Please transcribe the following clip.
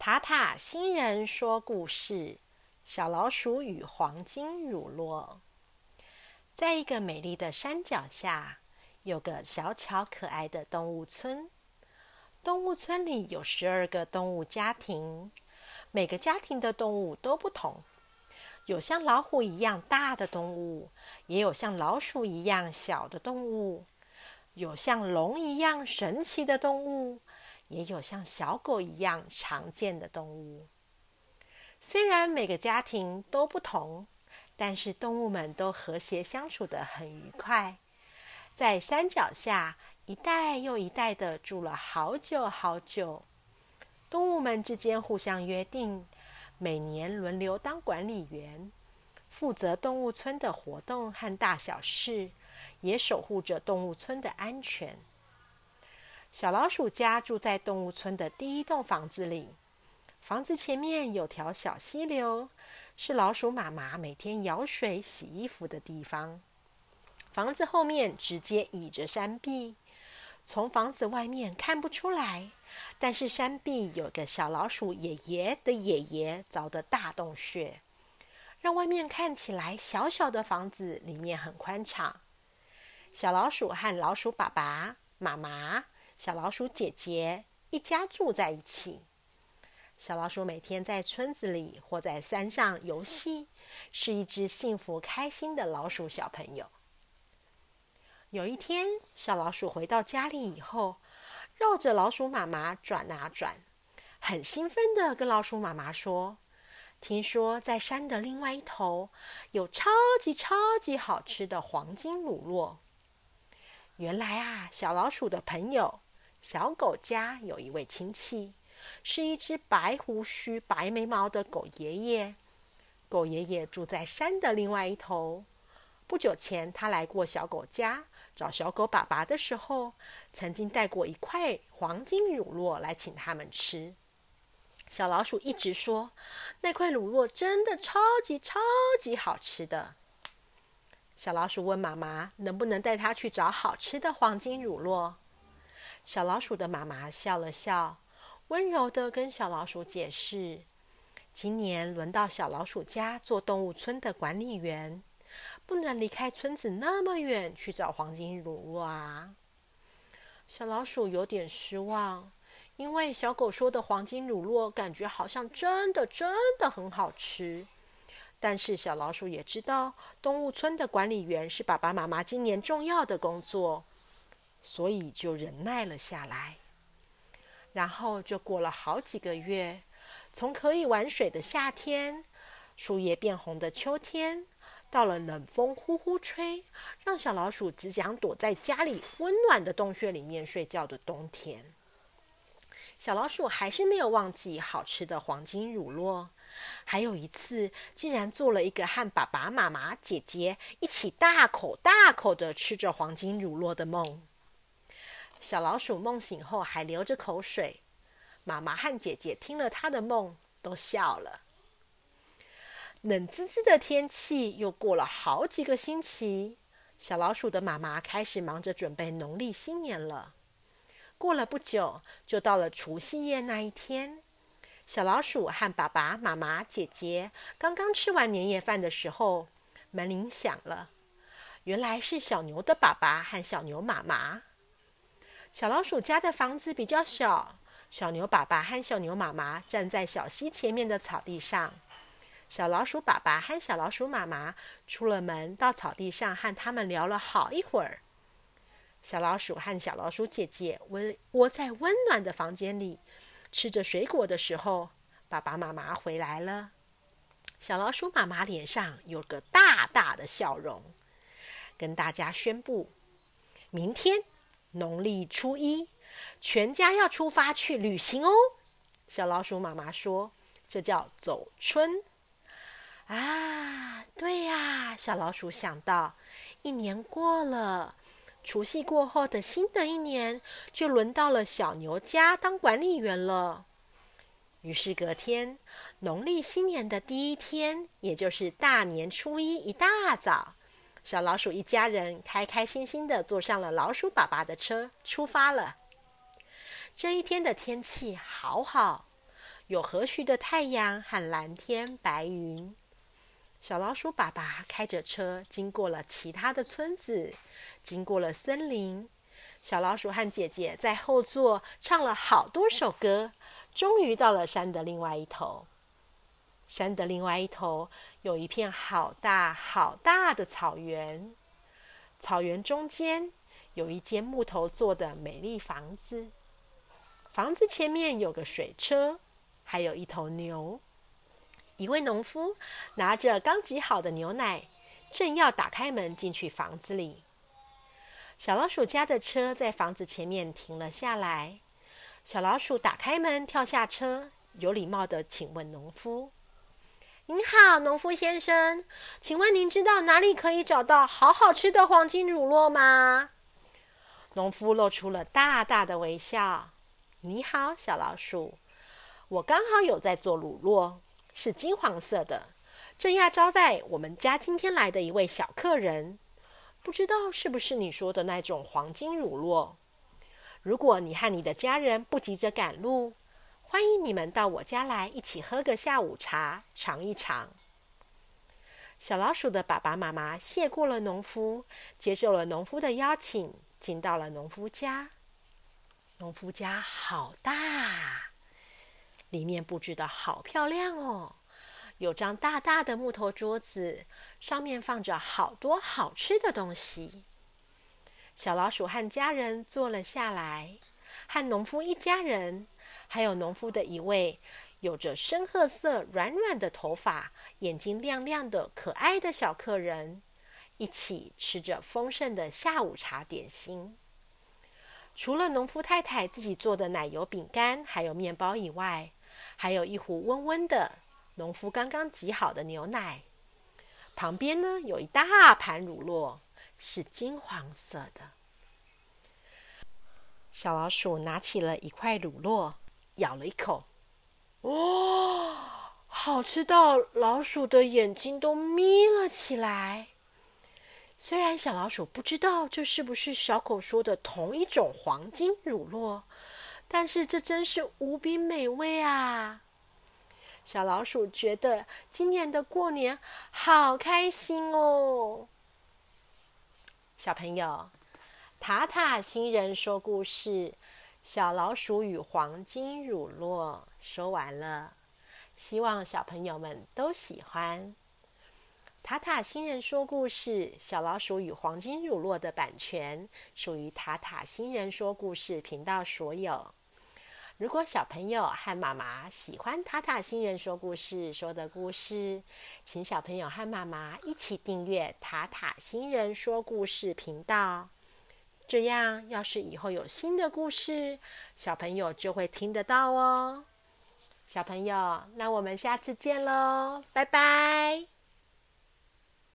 塔塔星人說故事：小老鼠與黃金乳酪。在一個美麗的山腳下，有個小巧可愛的動物村。動物村裡有十二個動物家庭，每個家庭的動物都不同。有像老虎一樣大的動物，也有像老鼠一樣小的動物，有像龍一樣神奇的動物。也有像小狗一樣常見的動物。雖然每個家庭都不同，但是動物們都和諧相處得很愉快。在山腳下，一代又一代的住了好久好久。動物們之間互相約定，每年輪流當管理員，負責動物村的活動和大小事，也守護着動物村的安全。小老鼠家住在動物村的第一棟房子裡。房子前面有條小溪流，是老鼠媽媽每天舀水洗衣服的地方。房子後面直接倚着山壁，從房子外面看不出來。但是山壁有個小老鼠爺爺的爺爺鑿的大洞穴，讓外面看起來小小的房子裡面很寬敞。小老鼠和老鼠爸爸、媽媽。小老鼠姐姐一家住在一起。小老鼠每天在村子裡或在山上遊戲，是一隻幸福開心的老鼠小朋友。有一天，小老鼠回到家裡以後，繞着老鼠媽媽轉啊轉，很興奮地跟老鼠媽媽說：“聽說在山的另外一頭有超級超級好吃的黃金乳酪。”原來啊，小老鼠的朋友。小狗家有一位親戚，是一只白鬍鬚、白眉毛的狗爺爺。狗爺爺住在山的另外一頭。不久前，他來過小狗家找小狗爸爸的時候，曾經帶過一塊黃金乳酪來請他們吃。小老鼠一直說，那塊乳酪真的超級超級好吃的。小老鼠問媽媽，能不能帶他去找好吃的黃金乳酪？小老鼠的媽媽笑了笑，溫柔地跟小老鼠解釋：“今年輪到小老鼠家做動物村的管理員，不能離開村子那麼遠去找黃金乳酪啊。”小老鼠有點失望，因為小狗說的黃金乳酪感覺好像真的真的很好吃，但是小老鼠也知道，動物村的管理員是爸爸媽媽今年重要的工作。所以就忍耐了下來，然後就過了好幾個月，從可以玩水的夏天，樹葉變紅的秋天，到了冷風呼呼吹，讓小老鼠只想躲在家裡溫暖的洞穴裡面睡覺的冬天，小老鼠還是沒有忘記好吃的黃金乳酪。還有一次，竟然做了一個和爸爸媽媽、姐姐一起大口大口的吃着黃金乳酪的夢。小老鼠夢醒後還流着口水，媽媽和姐姐聽了他的夢都笑了。冷滋滋的天氣又過了好幾個星期，小老鼠的媽媽開始忙着準備農曆新年了。過了不久，就到了除夕夜那一天。小老鼠和爸爸、媽媽、姐姐剛剛吃完年夜飯的時候，門鈴響了。原來是小牛的爸爸和小牛媽媽。小老鼠家的房子比較小，小牛爸爸和小牛媽媽站在小溪前面的草地上。小老鼠爸爸和小老鼠媽媽出了門，到草地上和他們聊了好一會兒。小老鼠和小老鼠姐姐溫窩，窩在溫暖的房間裡，吃着水果的時候，爸爸媽媽回來了。小老鼠媽媽臉上有個大大的笑容，跟大家宣布：明天。農曆初一，全家要出發去旅行哦。小老鼠媽媽說：“這叫走春。”啊，對呀，小老鼠想到，一年過了，除夕過後的新的一年，就輪到了小牛家當管理員了。於是隔天，農曆新年的第一天，也就是大年初一，一大早。小老鼠一家人開開心心地坐上了老鼠爸爸的車，出發了。這一天的天氣好好，有和煦的太陽和藍天白雲。小老鼠爸爸開着車經過了其他的村子，經過了森林。小老鼠和姐姐在後座唱了好多首歌，終於到了山的另外一頭。山的另外一頭。有一片好大好大的草原，草原中間有一間木頭做的美麗房子，房子前面有個水車，還有一頭牛。一位農夫拿着剛擠好的牛奶，正要打開門進去房子裡。小老鼠家的車在房子前面停了下來，小老鼠打開門跳下車，有禮貌地請問農夫。您好，農夫先生，請問您知道哪裡可以找到好好吃的黃金乳酪嗎？農夫露出了大大的微笑。你好，小老鼠，我剛好有在做乳酪，是金黃色的，正要招待我們家今天來的一位小客人。不知道是不是你說的那種黃金乳酪？如果你和你的家人不急着趕路，歡迎你們到我家來，一起喝個下午茶，嘗一嘗。小老鼠的爸爸媽媽謝過了農夫，接受了農夫的邀請，進到了農夫家。農夫家好大，裡面佈置得好漂亮哦！有張大大的木頭桌子，上面放着好多好吃的東西。小老鼠和家人坐了下來，和農夫一家人，還有農夫的一位，有着深褐色軟軟的頭髮、眼睛亮亮的可愛的小客人，一起吃着豐盛的下午茶點心。除了農夫太太自己做的奶油餅乾還有麵包以外，還有一壺溫溫的農夫剛剛擠好的牛奶。旁邊呢，有一大盤乳酪，是金黃色的。小老鼠拿起了一塊乳酪，咬了一口，哇、哦，好吃到老鼠的眼睛都眯了起來。雖然小老鼠不知道這是不是小狗說的同一種黃金乳酪，但是這真是無比美味啊！小老鼠覺得今年的過年好開心哦。小朋友，塔塔星人說故事。小老鼠與黃金乳酪說完了，希望小朋友們都喜歡。塔塔星人說故事《小老鼠與黃金乳酪》的版權屬於塔塔星人說故事頻道所有。如果小朋友和媽媽喜歡塔塔星人說故事說的故事，請小朋友和媽媽一起訂閱塔塔星人說故事頻道。這樣，要是以後有新的故事，小朋友就會聽得到哦。小朋友，那我們下次見嘍，拜拜。